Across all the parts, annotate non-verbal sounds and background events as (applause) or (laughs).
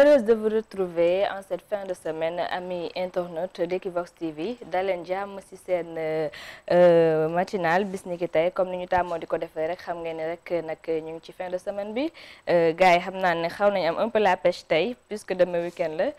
heureuse de vous retrouver en cette fin de semaine amis internautes d'Equivox TV daleen jàmm ci seen euh, euh, matinal bis ni ki comme ni ñu tàmmoo di ko defee rek xam ngeen ni rek nag ñu ngi ci fin de semaine bi euh, gars yi xam naa ne xaw nañu am un peu la pêche tey puisque demain week la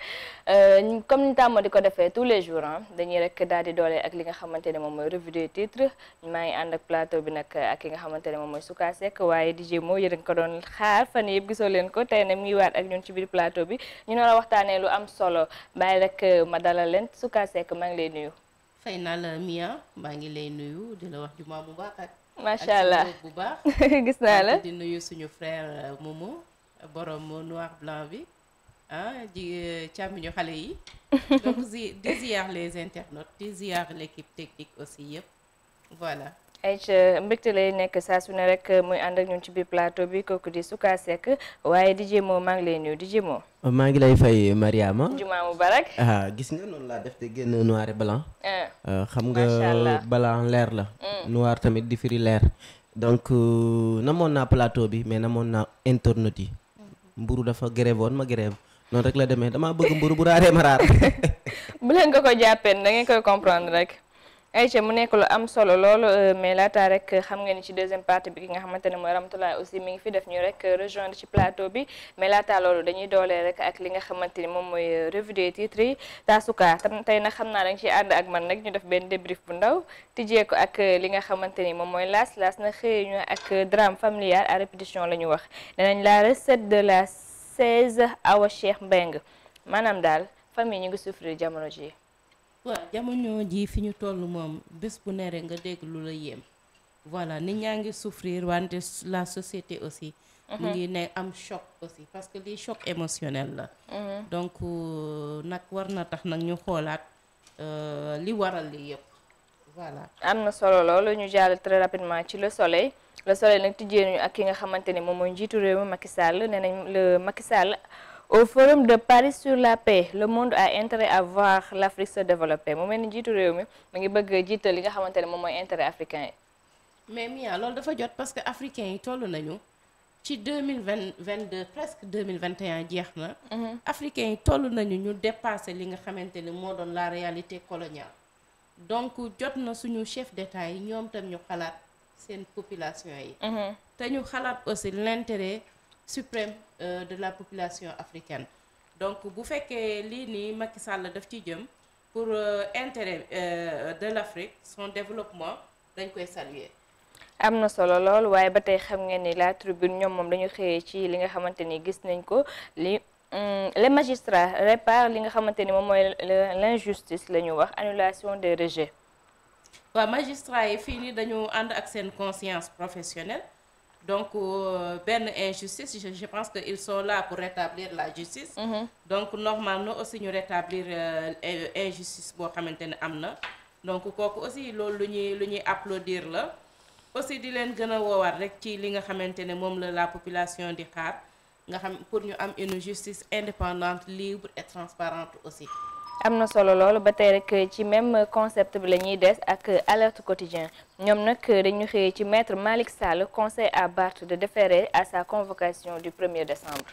comme ni ñu tàmmoo di ko defee tous les jours ah dañuy rek daal di doole ak li nga xamante ne moom mooy revue des titres maa ngi ànd ak plateau bi nag ak ki nga xamante ne moom mooy Souka Seck waaye DJ Mo yéen a ko doon xaar fan yëpp gisoo leen ko tey ne mu ngi waat ak ñun ci biir plateau ñu ne la waxtaanee lu am solo bàyyi rek euh, ma dalal leen Souka Seck maa ngi lay nuyu. fay naa la Mia maa ngi lay nuyu dina wax jumaa bu baax ak. macha allah bu baax (laughs) gis naa la di nuyu suñu frère euh, Momo borom noir blanc bi. ah ji euh, càmmiñu xale yi (laughs) donc di ziar les internautes di ziar l'équipe technique aussi yëpp voilà ayca mbégte lay nekk saa su ne rek muy ànd ak ñun ci biir plateau bi kooku di Souka Seck waaye DJ Mo maa ngi lay nuyu DJ Mo. maa ngi lay fay Mariama. jumaa mubarak. ah gis nga noonu laa def te génn noir et ah. Ah, xam nga blanc leer la. Mm. noir tamit di firi leer. donc euh, namoon naa plateau bi mais namoon naa internet yi. mburu dafa grève woon ma grève noonu rek la demee damaa bëgg mburu bu raaree ma raar. (laughs) bu leen ko ko jàppee da ngeen koy comprendre rek. Aïcha mu nekk lu am solo lool euh, mais laata rek xam nga ni ci deuxième partie bi ki nga xamante ne mooy Ramatoulaye aussi mi ngi fi def ñu rek euh, rejoindre ci plateau bi mais laata loolu dañuy doolee rek ak li nga xamante ni moom mooy euh, revue des titres yi tey nag xam naa da nga ànd ak man nag ñu def benn débrief bu ndaw tijjee ko ak li nga xamante ni moom mooy laas laas na xëyee ñu ak drame familial à répétition la ñu wax nee nañ laa recette de la 16 Awa Cheikh Mbengue maanaam daal famille ñu ngi souffrir jamono ji waaw jamono jii fi ñu toll moom bés bu neeree nga dégg lu la yéem voilà nit ñaa ngi souffrir wante la société aussi mhm. mu ngi ne am choc aussi parce que lii choc émotionnel la mhm. donc euh, nag war na tax nag ñu xoolaat euh, li waral li yëpp voilà am na solo loolu ñu jàll très rapidement ci la soleil le soleil nag tijjee nañu ak ki nga xamante ni moom mooy njiitu réew mi Macky Sall nee nañ le Macky au forum de Paris sur la paix le monde a intérêt à voir l'Afrique se développer mu mel ni jiitu réew mi mu ngi bëgg jiital li nga xamante ne moom mooy intérêt africain yi. mais Mia loolu dafa jot parce que africain yi toll nañu ci deux mille vingt vingt deux presque deux mille vingt et jeex na. Mhm. africain yi toll nañu ñu dépasser li nga xamante ni moo doon la réalité coloniale. donc jot na suñu chef d'état yi ñoom tam ñu xalaat seen population yi. Mhm. te ñu xalaat aussi l'intérêt suprême euh, de la population africaine donc bu fekkee lii nii Macky sàll def ci jëm pour euh, intérêt euh, de l'Afrique son développement dañ koy saluer. am na solo lool waaye ba tey xam ngeen ni la tribune ñoom moom dañu xëyee ci li nga xamante ni gis nañ ko li le magistrats répare li nga xamante ni moom mooy le l'injustice la ñu wax annulation des rejets. waaw magistrats yi fii nii dañu ànd ak seen conscience professionnelle. donc euh, benn injustice je pense que il sont là pour rétablir la justice mm-hmm. donc normal normalement aussi ñu rétablir euh, injustice boo xamante ne am na donc kooku aussi loolu lu ñuy lu ñuy applaudir la aussi di leen gën a woowaat rek ci li nga xamante ne moom la la population di xaar nga xam pour ñu am une justice indépendante libre et transparente aussi am na solo loolu ba tey rek ci même concept bi la ñuy des ak alerte quotidien ñoom nag dañu xëyee ci maitre Malick Sall conseil à Barth de déférer à sa convocation du 1er décembre.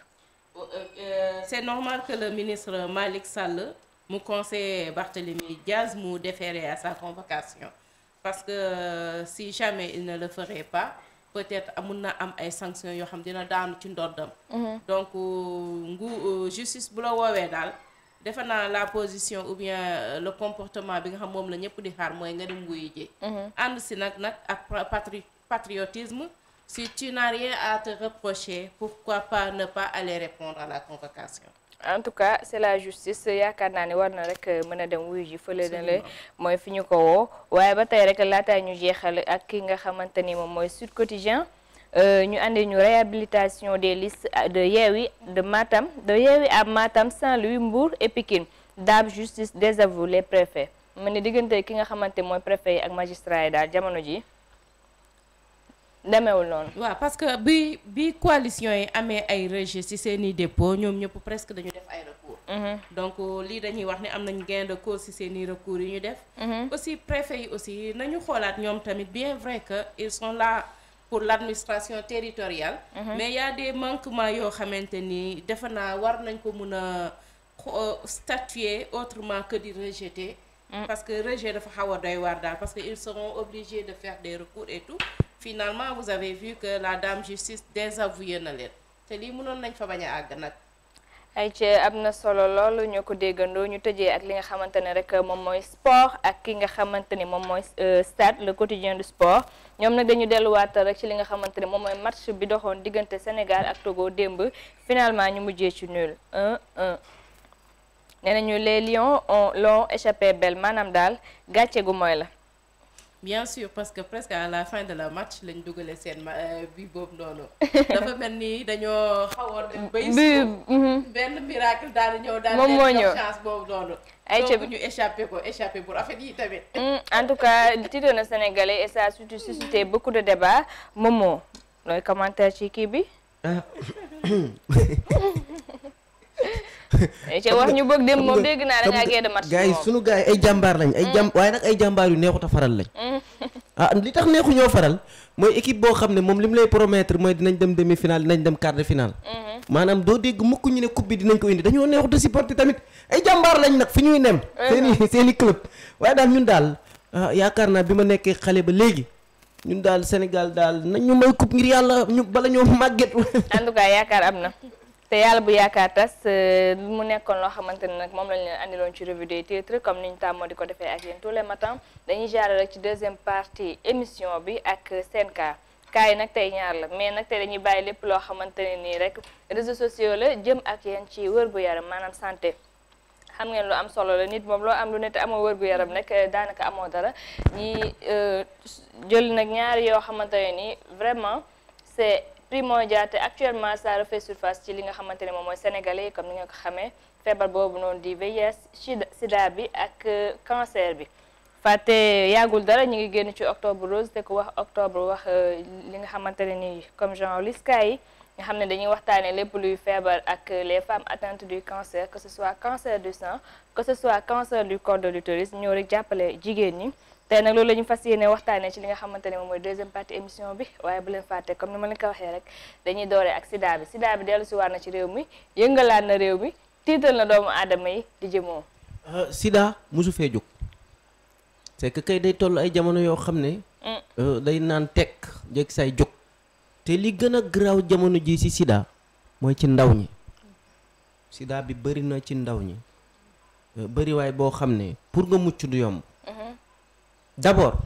Euh, euh, c'est normal que le ministre Malick Sall mu conseiller Barthélémy Diaz mu déférer à sa convocation parce que euh, si jamais il ne le ferait pas peut-être mun na am ay sanctions yoo xam dina daanu ci ndoddam. Mhm. donc justice bu la woowee daal. defe naa la position ou bien euh, le comportement bi nga xam moom la ñëpp di xaar mooy nga dem wuyu ji. Mhm. ànd si nag nag ak patri patriotisme. si tu n'as rien à te reprocher pourquoi pas ne pas aller répondre à la convocation. en tout cas c'est la justice yaakaar naa ne war na rek euh, mën a dem wuyu ji fële na la mooy fi ñu ko woo waaye ba tey rek laataa ñu jeexal ak ki nga xamante ni moom mooy Sud Quotidien. Euh, ñu andi ñu réhabilitation des listes euh, de Yewwi de Matam de Yewwi à Matam Saint-Louis Mbour et Pikine daab justice désavoue les préfets mu ne diggante ki nga xamante mooy préfet yi ak magistrat yi daal jamono ji demeewul noonu. waaw parce que bi bi coalition yi amee ay rejet ci seeni dépôt ñoom ñëpp presque dañu def ay recours. Mhm. donc euh, lii dañuy wax ni am nañ gain de cause ci seeni recours yi ñu def. Mhm. aussi préfet yi aussi nañu xoolaat ñoom tamit bien vrai pour l'administration territoriale. Mhm. mais y a des manquements yoo xamante ni defe naa war nañ ko mën a euh, statuer autrement que di mm. parce que rejet dafa xaw a doy waar daal parce que ils seront obligés de faire des recours et tout finalement vous avez vu que la dame justice désavoué na leen te lii mënoon nañ fa bañ a àgg nag. ay ci am na solo loolu ñoo ko déggandoo ñu tëjee ak li nga xamante ne rek moom mooy sport ak ki nga xamante ni moom mooy euh, stade le quotidien du sport. ñoom nag dañu delluwaat rek ci li nga xamante ne moom mooy match bi doxoon diggante Sénégal ak Togo démb finalement ñu mujjee ci nul 1-1. nee nañu les Lions ont l'ont échappé belle maanaam daal gàcce gu mooy la. bien sûr parce que presque à la fin de la match lañ dugale seen euh, bi boobu noonu. (laughs) dafa mel ni dañoo xawoon dem bay. Mhm. benn miracle daal di ñëw daal moom moo chance boobu noonu. ay ca ñu échappé ko échappé bu rafet yi tamit. Mm, en tout cas titre na sénégalais et ça a surtout suscité mm. de débats Momo looy commentaire ci kii bi. Ah. (laughs) Eh, wax ñu bëgg dem moom dégg naa dañaa gee de match gars yi sunu gars yi ay jàmbaar lañ ay jàm waaye nag ay jàmbaar yu neexut faral lañ mm. (laughs) ah li tax neexu ñoo faral mooy équipe boo xam ne moom li mu lay promettre mooy dinañ dem demi finale dinañ dem quart de finale mm-hmm. maanaam doo dégg mukk ñu ne coupe bi dinañ ko indi dañoo neexut a supporter tamit ay jàmbaar lañ nag fu ñuy nem mm-hmm. seeni (laughs) seeni club waaye daal ñun daal ah, yaakaar naa bi ma nekkee xale ba léegi ñun daal Sénégal daal nañ ñu may coupe yàlla ñu bala ñoo màgget (laughs) en tout yaakaar am na te yàlla bu yaakaar tas euh, mu nekkoon loo xamante ne nag moom lañ leen andiloon ci revue des comme ni ñu tàmmoo di ko defee ak yéen tous les matins dañuy jaare rek ci deuxième partie émission bi ak seen cas cas yi nag tey ñaar la mais nag tey dañuy bàyyi lépp loo xamante ne nii rek réseaux sociaux la jëm ak yéen ci wër bu yaram maanaam santé xam ngeen lu am solo la nit moom loo am lu ne te amoo wër bu yaram nag euh, daanaka amoo dara ñi euh, jël nag ñaar yoo xamante ne nii vraiment Primo Diatta actuellement ça refait surface ci li nga xamante ne moom mooy sénégalais comme ni nga ko feebar boobu noonu di VIH sida bi ak euh, cancer bi fàtte yàggul dara ñu ngi génn ci octobre rose te ku wax octobre wax euh, li nga xamante ne nii comme genre liska yi nga xam ne dañuy waxtaanee lépp luy feebar ak euh, les femmes atteintes du cancer que ce soit cancer du sein que ce soit cancer du col de l'utérus ñoo rek jàppale jigéen ñi tey nag loolu la ñu fas yéene waxtaanee ci li nga xamante ne moom mooy deuxième partie émission bi waaye bu leen fàtte comme ni ma leen ko waxee rek dañuy dooree ak sida bi sida bi dellu si war na ci réew mi yëngalaat na réew mi tiital na doomu aadama yi di jëmoo. Euh, sida mosu fee jóg c'est que kay day toll ay jamono yoo xam ne. Mm. Euh, day naan tekk njëkk say jóg. te li gën a garaaw jamono ji ci sida mooy ci ndaw ñi sida bi bëri na ci ndaw ñi euh, bëriwaay boo xam ne pour nga mucc du yomb. d'abord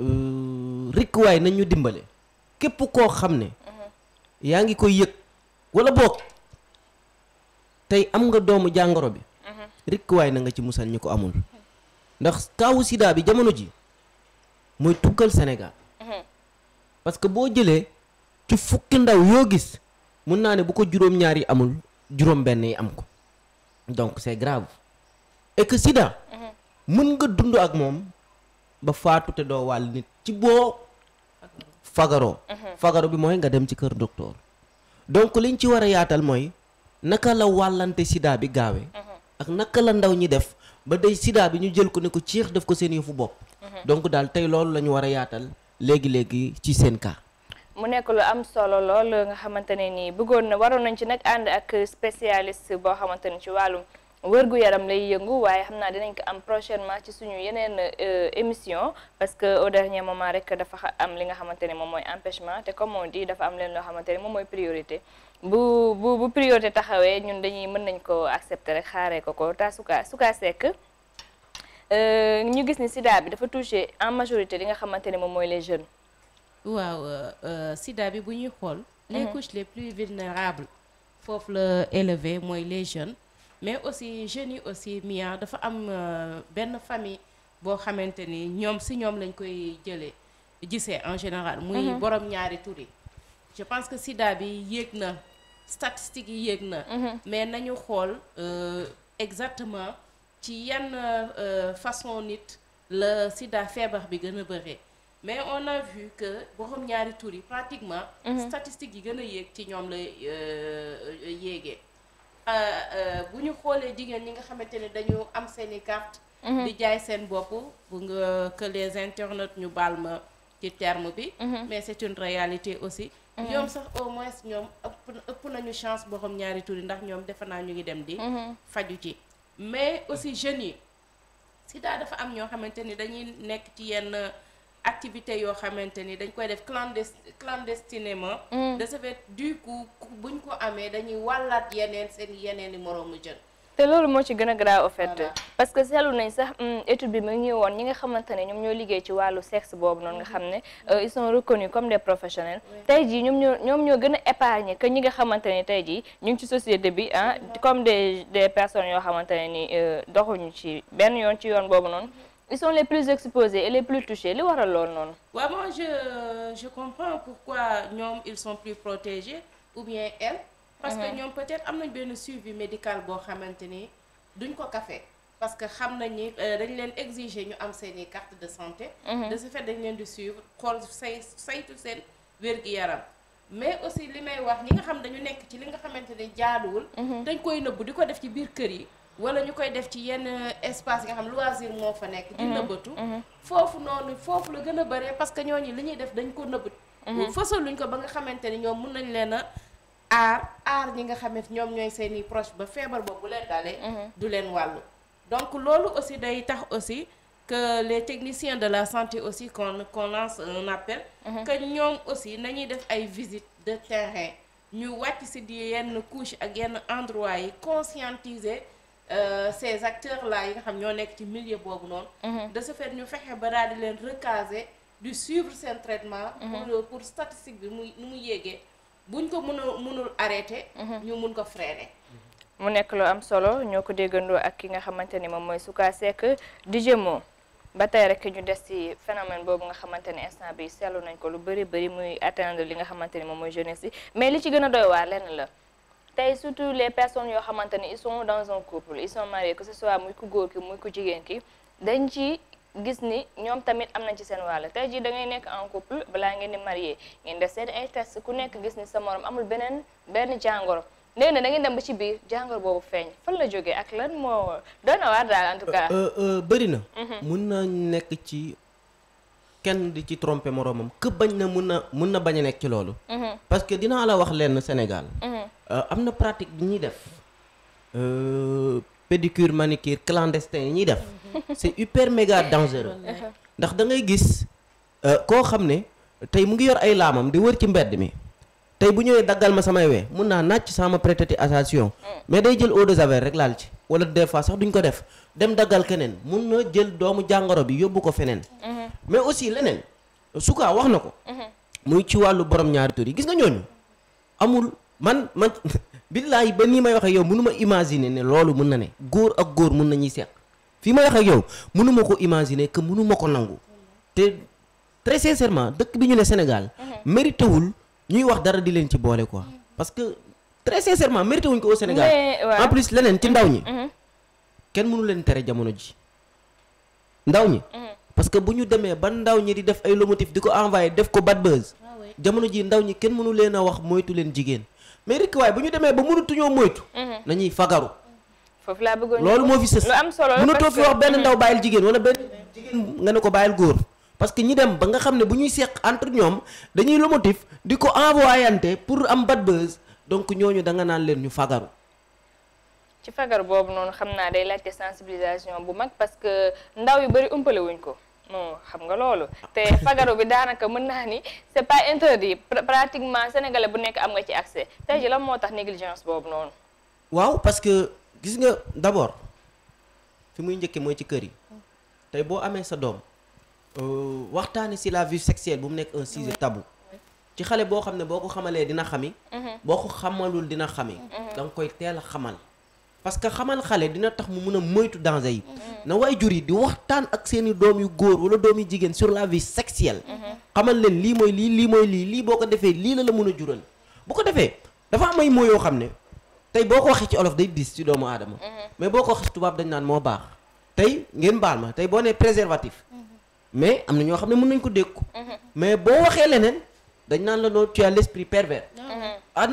euh, rikkuwaay nañ ñu dimbale képp koo xam ne mhm. yaa ngi koy yëg wala boog tey am nga doomu jàngoro bi mhm. rikkuwaay na nga ci musal ñi ko amul ndax kaawu sida bi jamono ji mooy tukkal Sénégal mhm. parce que boo jëlee ci fukki ndaw yoo gis mun naa ne bu ko juróom-ñaar amul juróom-benn yi am ko donc c'est grave et que sida nga dund ak moom ba faatu te doo wàll nit ci boo fagaroo mhm. fagaru bi mooy nga dem ci kër docteur donc liñ ci war a yaatal mooy naka la wàllante sida bi gaawe mhm. ak naka la ndaw ñi def ba day sida bi ñu jël ko ne ko ciix def ko seen yëfu bopp mhm. donc daal tey loolu la ñu war a yaatal léegi-léegi ci seen cas mu nekk lu am solo lool nga xamante ne nii bëggoon na waroon nañ ci nag ànd ak spécialiste boo xamante ne ci wàllum wërgu yaram lay yëngu waaye xam naa dinañ ko am prochainement ci suñu yeneen euh, émission parce que au dernier moment rek dafa am li nga xamante ne moom mooy te comme on dit am leen loo xamante ne moom mooy priorité bu bu bu priorité taxawee ñun dañuy mën nañ ko accepter rek xaaree ko ko ta suka suka sekk euh, ñu gis ni sidaa bi dafa touché en majorité li nga xamante ne moom mooy les jeunes waaw euh, sida bi bu ñuy xool les mhm. couches les plus vulnérables foofu la élevé mooy les jeunes mais aussi jeunes yi aussi Mia dafa am euh, benn famille boo xamante ni ñoom si ñoom lañ koy jëlee gisee en général. muy mhm. borom ñaari tur je pense que Sida bi yéeg na statistiques yi yéeg na. Mhm. mais nañu xool euh, exactement ci yan euh, façon nit la sidda feebar bi gën a bëree. mais on a vu que borom ñaari tur yi pratiquement. Mhm. statistiques yi gën a yéeg ci ñoom la yéegee. Euh, euh, bu ñu xoolee jigéen ñi nga xamante ne dañu am seen i carte mhm. di jaay seen bopp bu nga que les ñu baal ma ci terme bi mhm. mais c'est une réalité aussi mhm. ñoom sax au moins ñoom ëpp ëpp nañu chance boo xam ñaari tur yi ndax ñoom defe naa ñu ngi dem di faju ci mais aussi jeunes yi sida dafa am ñoo xamante ni dañuy nekk ci yenn activité yoo xamante ni dañ koy def clandestinement mm. de ce fait du coup buñ ko amee dañuy wàllaat yeneen seen yeneen i moroomu jën te loolu moo ci gën a grave en parce que seetlu nañ sax mm, étude bi mu ngi woon ñi nga xamante ne ñoom ñoo liggéey ci wàllu sexe boobu noonu nga xam ne mm-hmm. euh, ils sont reconnus comme de professionnels tey jii ñoom ñoo ñoom ñoo gën a épargné que ñi nga xamante ne tey jii ñu ngi ci société bi ah comme des des personnes yoo xamante ne ni euh, doxuñu ci benn yoon ci yoon boobu noonu mm-hmm. ils sont les plus exposés et les plus touchés li waral lool noonu. waaw moi je je comprends pourquoi ñoom ils sont plus protégés ou bien elles. parce que ñoom peut-être am nañ benn suivi médical boo xamante ni duñ ko kafe parce que xam nañ ni euh, dañ leen exiger ñu am seeni carte de santé. Mhm. de ce fait dañ leen di suivre xool say saytu seen wér-gi-yaram. mais aussi li may wax ñi nga xam dañu nekk ci li nga xamante ne jaaduwul. Mhm. dañ koy nëbbu di ko def ci biir kër yi. wala ñu koy def ci yenn euh, espace nga xam loisir moo fa nekk di mhm. nëbbatu mhm. foofu noonu foofu la gën a bëree parce que ñooñu li ñuy def dañ ko nëbbat mhm. luñ ko ba nga xamante ni ñoom mun nañ leen a aar aar ñi nga xamante ñoom ñooy seen i proche ba feebar boobu bu leen dalee du leen wàllu donc loolu aussi day tax aussi que les techniciens de la santé aussi qu'on qu'on lance un appel que ñoom aussi nañuy def ay visites de terrain ñu wàcc si di yenn couche ak yenn endroit yi conscientiser Euh, ces acteurs là yi nga xam ñoo nekk ci milieu boobu noonu. Mhm. de ce fait ñu fexe ba daal di leen recaser di suivre seen traitement. Mhm. pour pour statistique bi muy nu mu yéegee buñ ko mën mënul arrêter. Mhm. ñu mun ko freiner. mu nekk lu am solo ñoo ko déggandoo ak ki nga xamante ni moom mooy Souka Seck di jëmoo ba tey rek ñu des ci phénomène boobu nga xamante ni instant bi seetlu nañ ko lu bëri bëri muy atteindre li nga xamante ni moom mooy jeunesse bi mais li ci gën a doy waa lenn la. tey surtout les personnes yoo xamante ne ils sont dans un couple ils sont mariés que ce soit muy ku góor ki muy ku jigéen ki dañ ci gis ni ñoom tamit am nañ ci seen wàll tey jii da ngay nekk en couple balaa ngeen di marié ngeen def seen ay test ku nekk gis ni sa morom amul beneen benn jàngoro léegi nag da ngeen dem ba ci biir jàngoro boobu feeñ fan la jóge ak lan moo doon na waar daal en tout cas. Euh, euh, euh, bëri na. Mhm. mun naa nekk ci kenn di ci tromper moromam que bañ na mun na mun na bañ a nekk ci loolu. Mhm. parce que dinaa la wax lenn Sénégal. Mhm. Euh, am na pratique bi ñuy def euh, pédicure manicure clandestin yi ñuy def c'est hyper méga dangereux ndax da ngay gis euh, koo xam ne tey mu ngi yor ay laamam di wër ci mbedd mi tey bu ñëwee daggal ma samay wee mun naa nàcc sama prêter attention mais day jël eau de javel rek laal ci wala des fois sax duñ ko def dem daggal keneen mun na jël doomu jàngoro bi yóbbu ko feneen mais aussi leneen su wax na ko mhm. muy ci wàllu borom ñaari tur yi gis nga ñooñu amul man man (laughs) billaahi ba nii may waxee yow mënu ma imaginer ne loolu mën na ne góor ak góor mën nañuy seq fii may waxee yow mënuma ko imaginer que mënu ko nangu te très sincèrement dëkk bi ñu ne Sénégal mhm. mérité ñuy wax dara di leen ci boole ko mhm. parce que très sincèrement mérité wuñ ko au Sénégal en plus leneen ci ndaw ñi mhm. kenn mënu leen tere jamono ji ndaw ñi parce que bu ñu demee ba ndaw ñi di def ay lomotif di ko envoyé def ko bad buzz ah jamono ji ndaw ñi kenn mënu leen a wax moytu leen jigéen mais rek waaye bu ñu demee ba mënatuñoo moytu. Mhm. nañuy fagaru. foofu laa bëggoon loolu moo fi sës lu am solo la mënatoo fi wax benn mhm. ndaw bàyyil jigéen wala benn jigéen nga ne ko bàyyil góor. parce que ñi dem ba nga xam ne bu ñuy seq entre ñoom dañuy lomotif di ko envoyante pour am bat buzz donc ñooñu da nga naan leen ñu fagaru. ci fagar boobu noonu xam naa day laajte sensibilisation bu mag parce que ndaw yu bari umpale wuñ ko. non xam nga loolu te fagaru bi daanaka mën naa ni c'est pas interdit pratiquement sénégalais bu nekk am nga ci accès tey ji lan moo tax négligence boobu noonu. waaw parce que gis nga d'abord fi muy njëkkee mooy ci kër yi tey boo amee sa doom euh, waxtaane si la vie sexuelle bu mu nekk un sujet tabou ci xale boo xam ne boo ko xamalee dina xami. Mhm. boo ko xamalul dina xami. Mhm. da nga koy teel xamal. parce que xamal xale dina tax mu mun a moytu danger yi mm-hmm. na jur yi di waxtaan ak seeni doom yu góor wala doom yu jigéen sur la vie sexuelle mm-hmm. xamal leen lii mooy lii lii mooy lii lii boo ko defee lii la la mën a jural bu ko defee dafa am ay mots yoo xam ne tey boo ko waxee ci olof day diis ci doomu aadama mm-hmm. mais boo ko waxee ci tubaab dañ naan moo baax tey ngeen baal ma tey boo nee préservatif mais am na ñoo xam ne mën nañ ko dégg mais boo waxee leneen dañ naan la noo tu as l'esprit pervers ah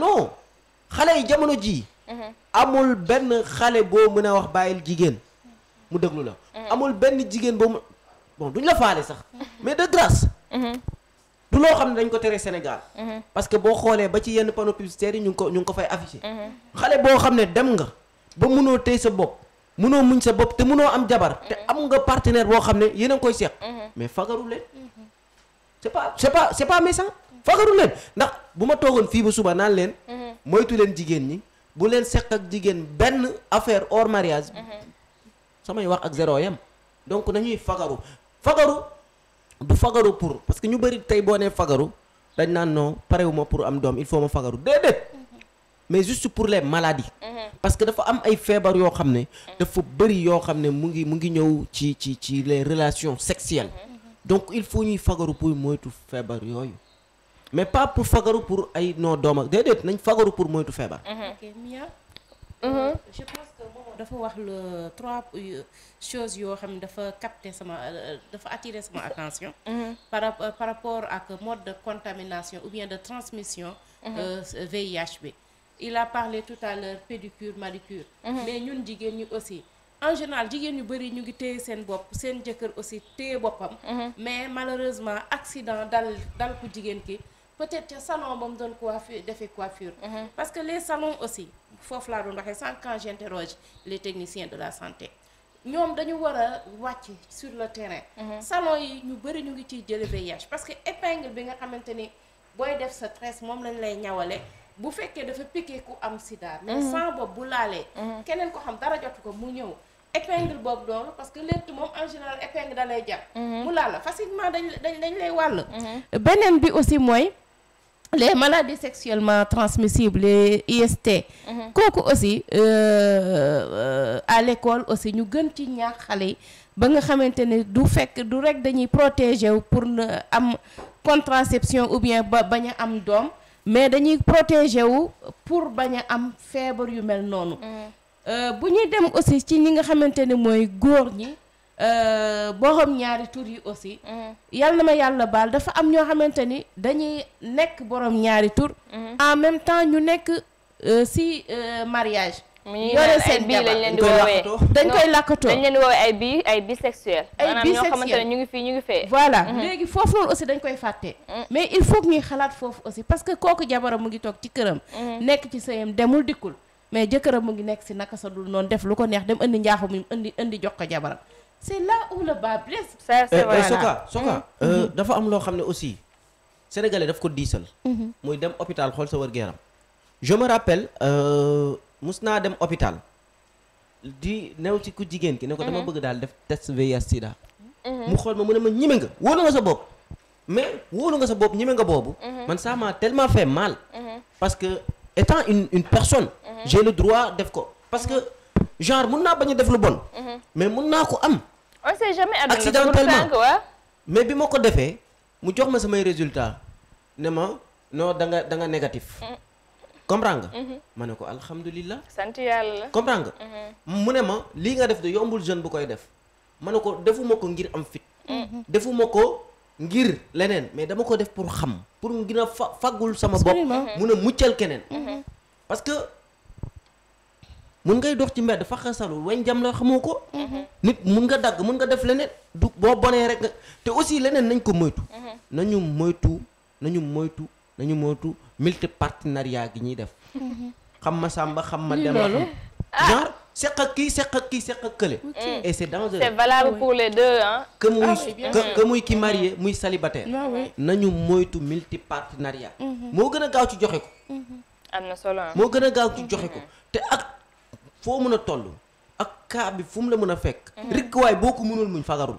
xale yi jamono jii Mm-hmm. amul benn xale boo mën a wax bàyyil jigéen mu déglu la mm-hmm. amul benn jigéen boo mu bon duñ la faale sax mm-hmm. mais de grâce du loo xam ne dañ ko tere Sénégal parce que boo xoolee ba ci yenn panneau yi ñu ngi ko ñu ngi ko fay affiché xale boo xam ne dem nga ba munoo téye sa bopp mënoo muñ sa bopp te munoo am jabar te am nga partenaire boo xam ne yéen a ngi koy seq mais fagaru leen c'est pas c'est pas c'est pas méchant ndax bu ma toogoon fii ba suba naan leen moytu leen jigéen ñi bu leen seq ak jigéen benn affaire hors mariage. Mhm. samay wax ak zéro yam donc nañuy fagaru fagaru du fagaru pour parce que ñu bëri tey boo nee fagaru dañ naan non parewuma pour am doom il faut ma fagaru déedéet. Mhm. mais juste pour les maladies. Mhm. parce que dafa am ay feebar yoo xam ne. dafa bëri yoo xam ne mu ngi mu ngi ñëw ci ci ci les relations sexuelles. donc il faut ñuy fagaru pour moytu feebar yooyu. mais pas pour fagaru pour ay non doom ak déedéet nañ fagaru pour moytu feebar. Mhm. ok Mia. Mhm. Euh, je pense que moom dafa wax le trois euh, choses yoo xam ne dafa capter sama euh, dafa attirer sama (laughs) attention. Mhm. par par rapport ak mode de contamination ou bien de transmission. VIH bi. il a parlé tout à l'heure pédicure manucure mais ñun jigéen ñi aussi. en général jigéen ñu bëri ñu ngi téye seen bopp seen jëkkër aussi téye boppam. mais malheureusement accident dal dal ku jigéen ki. peut-être ca salon ba mu doon coiffure defee coiffure. Mhm. parce que les salons aussi foofu laa doon waxee sans quand j'interroge les technicien de la santé ñoom dañu war a wàcc sur le terrain. Mhm. salon yi ñu bëri ñu ngi ciy jële VIH parce que épingle bi nga xamante ni booy def sa tresse moom lañ lay ñawale. bu fekkee dafa piqué ku am sida. Mhm. mais sans boobu bu laalee. keneen ko xam dara jotu ko mu ñëw. épingle boobu doonu parce que létt moom en général épingle da lay jàpp. mu dañ dañ dañ lay beneen bi aussi mooy. les maladies sexuellement transmissibles les IST mhm. kooku aussi euh, euh, à l'école aussi ñu gën ci ñaax xale yi ba nga xamante ne du fekk du rek dañuy protéger wu pour am contraception ou bien ba bañ a am doom mais dañuy protéger wu pour bañ a am feebar yu mel noonu mhm. euh, bu ñuy dem aussi ci ñi nga xamante ne mooy góor ñi Euh, borom ñaari tur yi aussi. Mm-hmm. yal na ma yàlla baal dafa am ñoo xamante ni dañuy nekk borom ñaari tour mm-hmm. en même temps ñu nekk euh, si euh, mariage. yore seen bii lañ di woowee dañ koy lakkatoo dañ leen di ay bi ay bisexuel ay bisexuel ñoo xamante ne ñu ngi fii ñu ngi fee voilà mm-hmm. léegi foofu loolu aussi dañ koy fàtte mais il faut que ñuy xalaat foofu aussi parce que kooku jabaram mu ngi toog ci këram nekk ci sëyam demul dikkul mais jëkkëram mu ngi nekk si naka sa dul noonu def lu ko neex dem indi njaaxu mi indi indi jox ko jabaram c'est là où dafa am loo xam ne aussi sénégalais daf ko diisal. Mm-hmm. muy dem hôpital xool sa wërgu yaram. je me rappelle euh, mus naa dem hôpital di new ci ku jigéen ki ne ko dama mm-hmm. bëgg daal def test VIH sida mm-hmm. mu xool ma mu ne ma ñime nga wóolu nga sa bopp mais wóolu nga sa bopp ñime nga boobu man ça m'a tellement fait mal parce que étant une une personne j'ai le droit def ko parce que genre mun naa bañ a def lu bon mais mun naa ko am on sait jamais accidentellement mais bi ma ko defee mu jox ma samay résultat ne ma non da nga da nga négatif mm. comprends nga mm-hmm. ma ne ko alhamdulilah sant yàlla comprends nga mm-hmm. mu ne ma lii nga def de yombul jeune bu koy def ma ne ko defuma ko ngir am fit mm-hmm. defuma ko ngir leneen mais dama ko def pour xam pour ngir a fa fagul sama bopp mu a muccal keneen parce mun ngay dox ci mbedd dafa xasalu wañ jam la xamoo ko. Mhm. nit mun nga dagg mun nga def leneen du boo bonee rek nga te aussi leneen nañ ko moytu. Mhm. nañu moytu nañu moytu nañu moytu multi partenariat gi ñuy def. Mhm. xam ma Samba xam ma Demba xam ah. genre seq ak kii seq ak kii seq ak kële. Mm. et c' est dangereux. c' est valable pour les deux ah. que muy ah muy ki marié muy célibataire. Ah nañu moytu multi partenariat. moo gën a gaaw ci joxe ko. am na solo moo gën a gaaw ci joxe ko te ak. foo mën a toll ak kaa bi fu mu la mën a fekk. Mhm. rikk waay boo ko mënul muñ fagarul.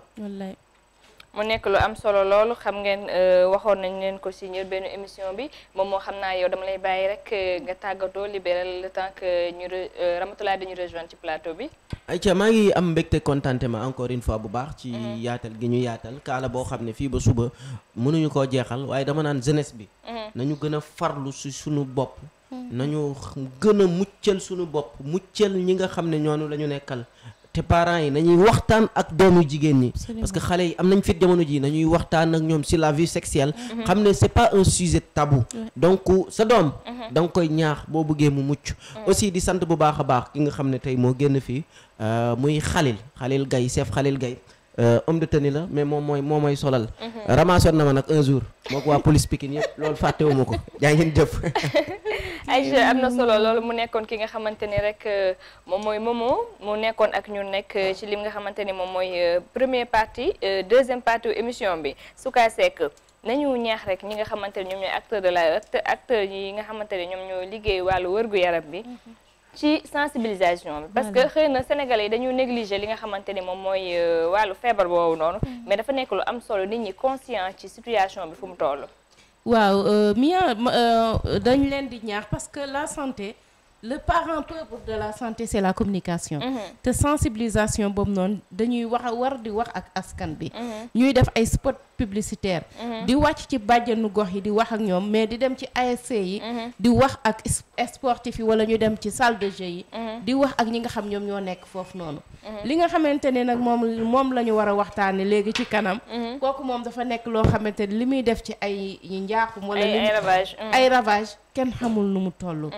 mu nekk lu am solo loolu xam ngeen euh, waxoon nañ leen ko si ñër benn émission bi moom moo xam naa yow dama lay bàyyi rek euh, nga tàggatoo libéral le temps que ñu euh, Ramatoulaye dañu rejoindre ci plateau bi. ayca maa ngi am mbégte contentement encore une fois bu baax. ci mhm. yaatal gi ñu yaatal kaala boo xam ne fii ba suba mënuñu koo jeexal waaye dama naan jeunesse bi. Mhm. nañu gën farlu si nañu gën a muccal suñu bopp muccal ñi nga xam ne ñoonu la ñu nekkal te parent yi nañuy waxtaan ak doomu jigéen ñi parce que xale yi am nañ fit jamono ji nañuy waxtaan ak ñoom si la vie sexuelle mm-hmm. xam ne c'est pas un sujet tabou donc sa doom mm-hmm. da koy ñaax boo bëggee mu mucc mm. aussi di sant bu baax a baax ki nga xam ne tey moo génn fii euh, muy Khalil Khalil Gaye chef Khalil Gaye euh, homme de ni la mais moom mooy moo mooy solal mm-hmm. ramassoon na ma nag un jour moo ko waa police Pikine ko (laughs) (laughs) Aïcha am na solo loolu mu nekkoon ki nga xamante ni rek euh, moom mooy Momo mu nekkoon ak ñu nekk euh, ci lim nga xamante ni moom mooy euh, première partie deuxième partie émission bi Souka Seck nañu ñaax rek ñi nga xamante ni ñoom ñooy acteur de la acteur yi nga xamante ni ñoom ñooy liggéey wàllu wërgu yaram bi mm-hmm. ci sensibilisation bi parce que xëy na sénégal yi dañu négliger li nga xamante ni moom mooy wàllu feebar boobu noonu mm-hmm. mais dafa nekk lu am solo nit ñi conscient ci situation bi fu mu toll waaw euh, Mia euh, dañ leen di ñaax parce que la santé le parent pauvre de la santé c'est la communication mhm. te sensibilisation boobu noonu dañuy wax a war di wax ak askan bi mhm. ñuy def ay spot publicitaire mm-hmm. di wàcc ci bàjjenu gox yi di wax ak ñoom mais di dem ci ASC yi mm-hmm. di wax ak sportif yi wala ñu dem ci salle de jeu yi mm-hmm. di wax ak ñi nga xam ñoom ñoo nekk foofu noonu li nga xamante ne nag moom moom la ñu war a waxtaane léegi ci kanam kooku moom dafa nekk loo xamante ni li muy def ci ay njaaxum wala li ay ravage kenn xamul nu mu toll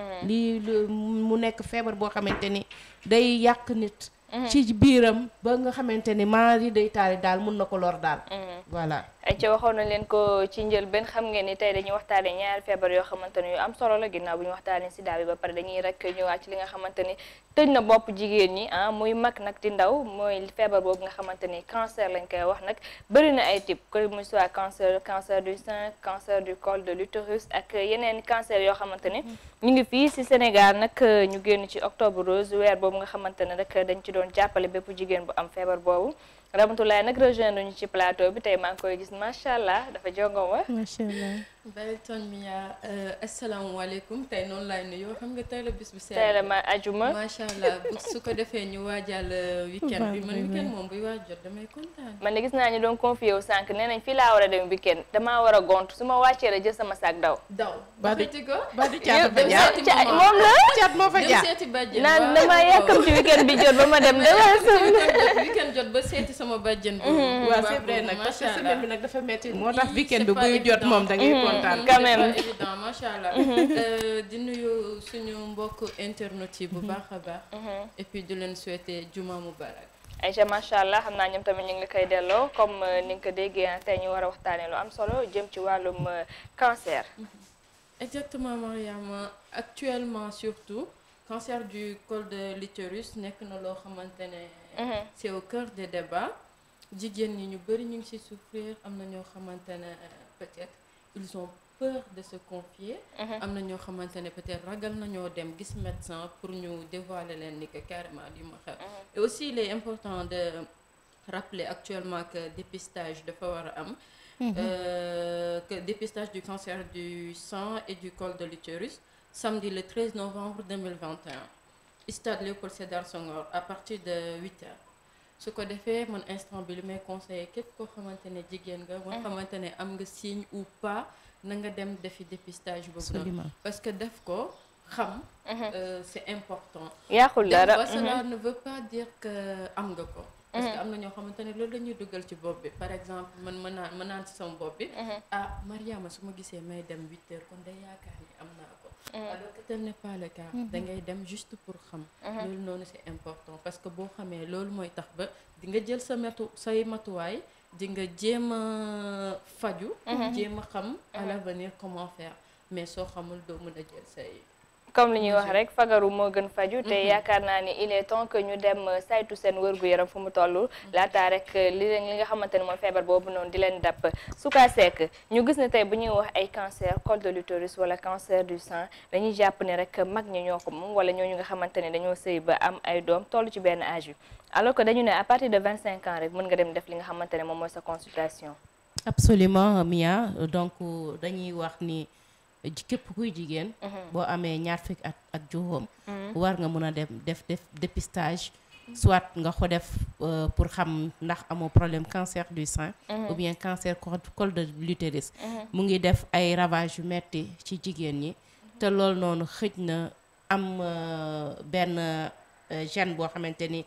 mu nekk feebar boo xamante ni day yàq nit Mhm. ci biiram ba nga xamante ni mari day taali daal mun na ko loor daal. Mhm. voilà. ay ca waxoon nañ leen ko ci njëlbeen xam ngeen ni tey dañuy waxtaane ñaari feebar yoo xamante ne yu am solo la ginnaaw bu ñu waxtaane sida bi ba pare dañuy rek ñëwaat ci li nga xamante ni tëj na bopp jigéen ñi ah muy mag nag di ndaw mooy feebar boobu nga xamante ni cancer lañ koy wax nag bëri na ay type que mu soit cancer cancer du sein cancer du col de l'utérus ak yeneen cancer yoo xamante ni ñu ngi fii si Sénégal nag ñu génn ci octobre rose weer boobu nga xamante ne rek dañ ci doon jàppale bépp jigéen bu am feebar boobu Ramatoulaye nag rejoindre ñu ci plateau bi tey maa ngi koy gis macha allah dafa jongo wa macha allah Belton Mia euh, asalaamaaleykum tey noonu laay nuyoo xam nga tey la bis bu sell. ma ajuma macha allah su ko defee ñu waajal euh, weekend bi man weekend moom buy waaj jot damay man de gis naa ñu doon confié wu sànq nee nañ fii laa war a dem weekend damaa war a gont su ma wàccee rek sama sac daw. daw ba du ba du caat ba jaar moom la caat moo fa ba ma dem dama weekend jot ba seeti sama bàjjen mhm. bi. waaw dafa métti moo tax weekend bi buy jot moom da ngay mhm. kontaan mm-hmm. quand même allah. Mm-hmm. Euh, di nuyu mbokk internet yi bu mm-hmm. baax a baax. et puis di leen souhaiter macha allah xam naa ñoom tamit ñu ngi la koy delloo comme euh, ni nga ko déggee ah, tey ñu war a waxtaanee lu am solo jëm ci wàllum euh, cancer. exactement Mariama actuellement surtout cancer du col de nekk na loo xamante ne. c'est au cœur jigéen ñi ñu bëri ñu ngi ci souffrir am na ñoo xamante ne peut ils ont peur de se confier. Mhm. am na ñoo xamante ne peut-être ragal nañoo dem gis médecin pour ñu dévoiler leen ni que carrément li ma xew. Mhm. et aussi il est important de rappeler actuellement que dépistage dafa war a am. Mhm. Euh, que dépistage du cancer du sang et du col de l'utérus samedi le 13 novembre 2021 stade Léopold Sédar Senghor à partir de 8 heures. su ko defee man instant bi li may conseillé képp koo xamante ne jigéen nga. moo mhm. xamante ne am nga signe ou pas na nga dem defi dépistage boobu noonu. parce que def ko xam. Mhm. Euh, c'est important. yàqul dara ba cela mhm. ne veut pas dire que am nga ko. parce que mhm. am na ñoo xamante ne loolu la ñuy dugal ci bopp bi par exemple man mën naa mën naan ci sama bopp bi mhm. ah Mariama su ma gisee may dem huit heures kon day yaakaar ni am naa ko mhm. alors que tel n'est da ngay dem juste pour xam loolu noonu c'est important parce que boo xamee loolu mooy tax ba di nga jël sa matu say matuwaay di nga jéem a faju jéem a xam à l'avenir comment faire mais soo xamul doo mën a jël say comme li ñuy wax rek fagaru moo gën faju te mhm. yaakaar naa ni il est temps que ñu dem saytu seen wërgu-yaram fu mu toll mhm. laataa rek li leen nga xamante ne mooy feebar boobu noonu di leen dàpp su kaa seek ñu gis ne tey bu ñuy wax ay cancer col de l'utérus wala cancer du sein dañuy jàpp ne rek mag ñi ñoo ko moom wala ñu nga xamante ne dañoo sëy ba am ay doom toll ci benn âge bi alors que dañu ne à partir de 25 ans rek mën nga dem def li nga xamante ne moom mooy sa consultation absolument Mia donc dañuy wax ni képp kuy jigéen mhm. boo amee ñaar fukki ak juróom mhm. war nga mën a dem def def dépistage soit nga ko def euh, pour xam ndax amoo problème cancer du sein mhm. ou bien cancer col de l'utérus mu ngi def ay ravage yu metti ci jigéen ñi te loolu noonu xëj na am euh, benn euh, gène boo xamante ni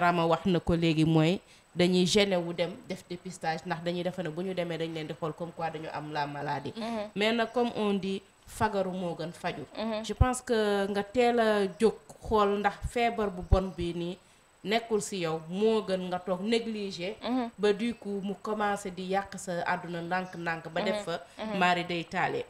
Rama wax na ko léegi mooy dañuy gene wu dem def dépistage ndax dañuy defa ne bu ñu demee dañu leen di xool comme quoi dañu am la maladie. Mm-hmm. mais nag comme on di fagaru moo gën faju mm-hmm. je pense que nga teel a jóg xool ndax feebar bu bon bi nii nekkul si yow moo gën nga toog négligé. Mm-hmm. ba du coup mu commencé di yàq sa àdduna ndànk-ndànk. ba def fa mari day taale.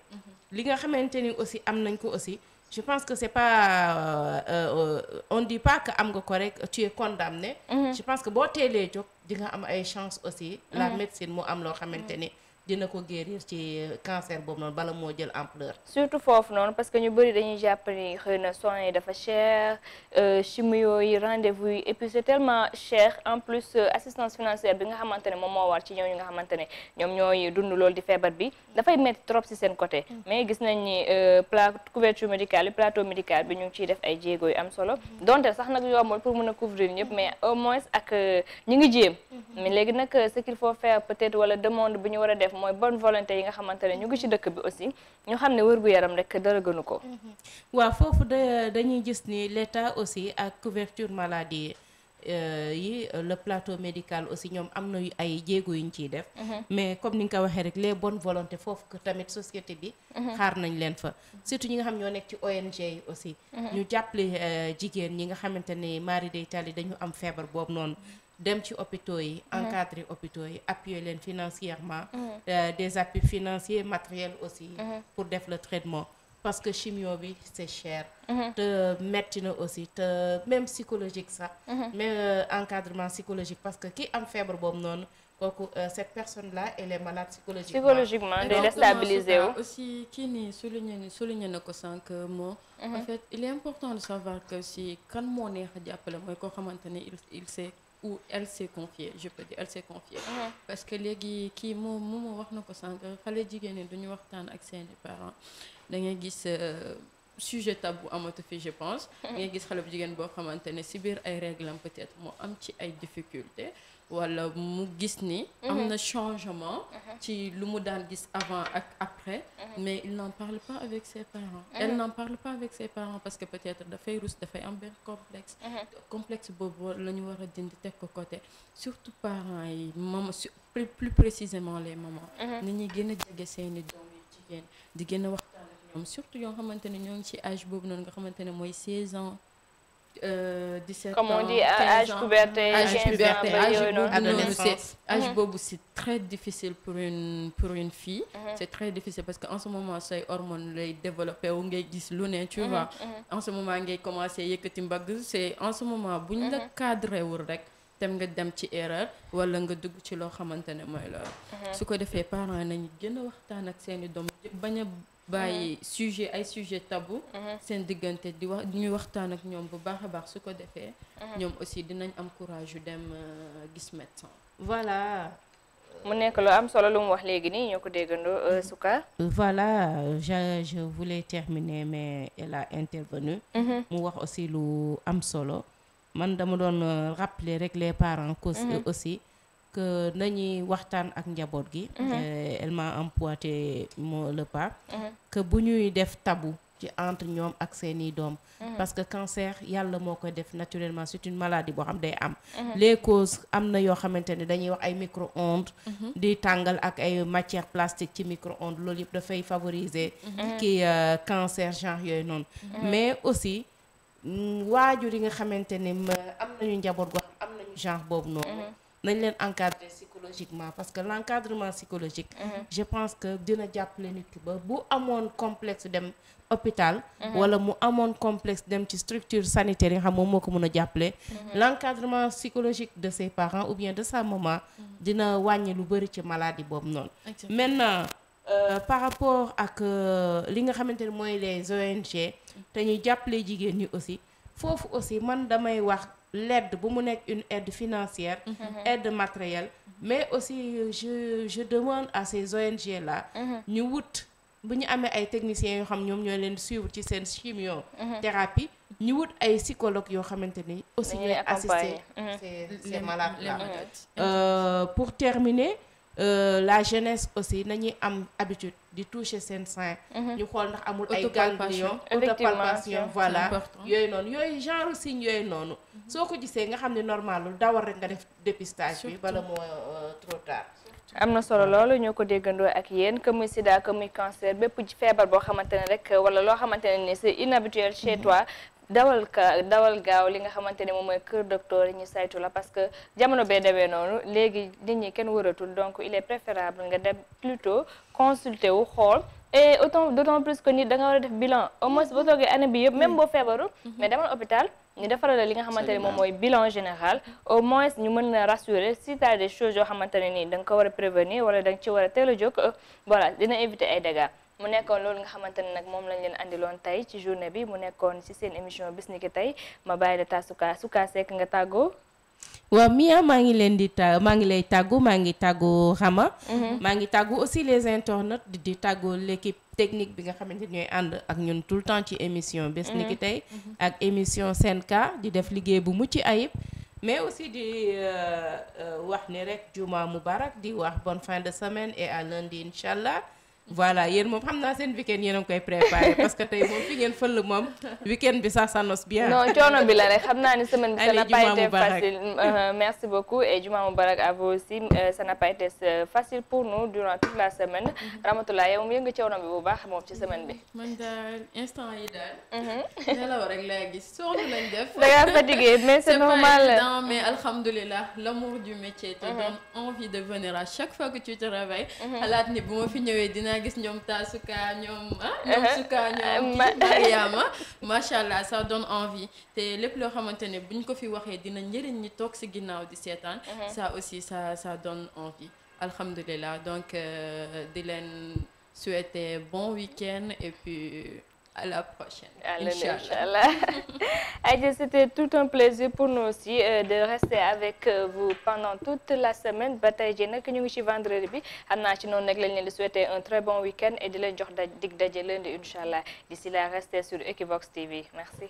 li nga xamante ni aussi am nañ ko aussi. je pense que c'est pas euh, euh, euh on dit pas am nga ko rek tu es condamné. Mm-hmm. je pense que boo teelee jóg di nga am ay chance aussi. la mm-hmm. médecine mu am loo xamante ni. dina ko guérir ci cancer boobu noonu bala moo jël ampleur. surtout foofu noonu parce que ñu bëri dañuy jàpp ni xëy na soins yi dafa cher euh, chimio yi rendez-vous yi et puis c'est tellement cher en plus euh, assistance financière bi nga xamante moom moo war ci ñooñu nga xamante ñoom ñooy dund loolu di feebar bi dafay métti trop si seen côté. Mm. mais gis nañ euh, plateau couverture médicale plateau médical bi ñu ngi def ay jéego yu am solo. Mm. donte sax nag yombul a couvrir ñëpp mooy bonne volonté yi nga xamante ne ñu ngi ci dëkk bi aussi ñu xam ne wér gu yaram rek dara gënu ko. Mm-hmm. waaw foofu da dañuy gis ni l'état aussi ak couverture maladie euh, yi le plateau médical aussi ñoom am na ay jéego yu ñu ciy def. Mm-hmm. mais comme ni nga ko waxee rek les bonnes volonté foofu que tamit société bi. Mm-hmm. xaar nañ leen fa. surtout ñi nga xam ñoo nekk ci ONG yi aussi. ñu jàppale euh, jigéen ñi nga xamante ne mari day tali dañu am feebar boobu noonu. dem ci hôpitaux yi mm-hmm. encadrer hôpitaux yi appuyer leen financièrement mm-hmm. euh, des appuis financier matériels aussi mm-hmm. pour def le traitement parce que chimio bi c'est cher te metti na aussi te même psychologique sax mais euh, encadrement psychologique parce que ki am feebar boobu noonu kooku euh, cette personne là elle est malade psychologiquement psychologiquement day déstabiliser wu aussi kii nii souligné souligné na ko sànq moo en fait il est important de savoir que si kan moo neex a jàppale mooy koo xamante ne il il où elle s'est confiée je peux dire elle s'est confiée mhm. parce que léegi kii moom moom wax na ko sànq xale jigéen ñi duñu waxtaan ak seeni parents da ngay gis euh, sujet bu amatu fi je pense. Mhm. ngay gis xale bu jigéen boo xamante ne si biir ay règles peut-être moo am ci ay difficultés. wala mu gis ni. am mhm. na changement. Mhm. ci lu mu daan gis avant ak après. Mhm. mais il n'en parle pas avec ses parents. elle n'en parle pas avec ses parents parce que peut-être dafay rus dafay am benn complexe. boobu la ñu war a dindi teg ko côté surtout parents yi maman plus précisément les mamans. ni ñuy gën a jege seeni doom yu jigéen di gën a waxtaan ak ñoom surtout yoo xamante ne ñoo ngi ci âge boobu noonu nga xamante ne mooy 16 ans. Euh, 17 comme on dit âge puberté âge puberté âge euh, mhm. boobu c'est âge boobu très difficile pour une pour une fille mm très difficile parce que en ce moment say hormones lay développé wu ngay gis lu ne tu mhm, vois mhm. en ce moment ngay commencer yëkkati mbagg c'est en ce bu ñu la cadré wul rek tam nga dem ci erreur wala nga dugg ci loo xamante ne mooy loolu su ko defee parents nañu gën waxtaan ak seeni doom bañ a bàyyi sujet ay sujet tabou mm-hmm. seen diggante di wax ñuy waxtaan ak ñoom bu baax a baax su ko defee mm-hmm. ñoom aussi dinañ am courage yu dem euh, gis médecin voilà mu nekk lu am solo lu mu wax léegi nii ñoo ko déggandoo euh, mm-hmm. Souka voilà je je voulais terminer mais et la intervenu mu wax aussi lu am solo man dama doon euh, rappeler rek les parents cause aussi que nañuy waxtaan ak njaboot gi. Mhm. elle m'a empoîté mo le pas. Mhm. que bu ñuy def tabu ci entre ñoom ak seeni doom. Mhm. parce que cancer yàlla moo koy def naturellement c'est une maladie boo xam day am. les causes am na yoo xamante ne dañuy wax ay micro-ondes. di tàngal ak ay matières plastiques ci micro-ondes loolu yëpp dafay favoriser. kii euh, cancer genre yooyu noonu. mais aussi mm, waajur yi nga xamante ne euh, am nañu njaboot goo xam am nañu genre boobu noonu. dañ leen encadrer psychologiquement parce que l' encadrement psychologique mhm. je pense que dina jàppale nit ki ba bu amoon complexe dem hôpital mhm. wala mu amoon complex dem ci structure sanitaire yi nga xam moom moo ko mën a jàppale mhm. l' encadrement psychologique de ses parents ou bien de sàmmement dina wàññi lu bëri ci maladie boobu noonu maintenant Euh, par rapport ak euh, li nga xamante ne mooy les ONG te ñuy jàppale jigéen ñi aussi foofu aussi man damay wax l'aide bu mu nekk une aide financière mm-hmm. Mm-hmm. aide matériel mm-hmm. mais aussi je je demande à ces ONG là ñu wut bu ñu amee ay techniciens yoo xam ñoom ñooy leen suivre ci seen chimio thérapie ñu wut ay psychologues yoo xamante ni aussi ñooy assister ces malades là pour terminer euh, la jeunesse aussi nañuy am habitude di toucher seen sein. ñu mhm. xool ndax amul ay ganglions autopalpation voilà yooyu noonu yooyu genre signe yooyu noonu mhm. soo ko gisee nga xam ne normalul dawal rek nga def dépistage bi bala moo euh, trop am na solo loolu ñoo ko déggandoo ak yéen que muy sida que muy cancer bépp feebar boo xamante ne rek wala loo xamante ne ni c'est inhabituel chez mhm. toi dawal ka dawal gaaw li nga xamante ne moom mooy kër docteur yi ñu saytu la parce que jamono bee demee noonu léegi nit ñi kenn waratul donc il est préférable nga dem plutôt consulter wu xool e autant d'autant plus que nit da war a def bilan au moins boo toogee année bi yëpp même mhm. boo feebaru mhm. mais demal hôpital ñu defaral li nga xamante ne moom mooy bilan général au moins ñu mën na rassurer si t'as des choses yoo xamante ne nii danga ko war a prévenir wala da ci war a teela a jóg euh, voilà dina éviter ay dégâts mu nekkoon loolu nga xamante ne nag moom lañ leen indiloon tey ci journée bi mu nekkoon ci seen émission bis ni tey ma bàyyi la taa suka suka sekk nga tàggoo waaw Mia maa ngi leen di ta maa ngi lay tàggu maa ngi tàggu Rama. Mhm. maa ngi tàggu aussi les internautes di tàggu l'équipe technique bi nga xamante ni ñooy ànd ak ñun tout le temps ci émission bés mhm. ni ki tey mhm. ak émission Sen Cas di def liggéey bu mucc ayib mais aussi di euh, euh, wax ni rek juma mubarak di wax bonne fin de semaine et à lundi incha allah voilà yéen moom xam naa seen weekend yéen a ngi koy préparé parce que tey moom fi ngeen fël moom weekend bi ça s'annonce bien. non coono bi la rek xam naa ni semaine bi ça n'a euh, euh, euh, facile pour nous durant toute la semaine mhm. Ramatoulaye yow mu yëngu coono bi bu baax moom ci semaine bi. man daal instant yi daal. Mhm. (laughs) nelaw rek laa gis sonn lañ def. da fatigué mais c'est normal c'est pas mais alhamdulilah l'amour du métier te mhm. donne envie de venir chaque fois que tu gis ñoom Tasuka ñoom ah. Uh-huh. ñoom Suka ñoom (laughs) Mariama macha allah sa donne envie te lépp loo xamante ne buñ ko fi waxee dina njëriñ ñi toog si ginnaaw di seetaan. Uh-huh. ça aussi ça ça donne envie alhamdulilah donc euh, di leen souhaiter bon week-end à la prochaine. Inch'Allah. (laughs) Aïe, c'était tout un plaisir pour nous aussi euh, de rester avec euh, vous pendant toute la semaine ba tey jii nag ñu ngi ci vendredi bi xam naa ci noonu nag lañ leen di souhaiter un très bon week-end et di leen jox daj dig daje lundi Inch'Allah d'ici là restez sur Equivox TV merci.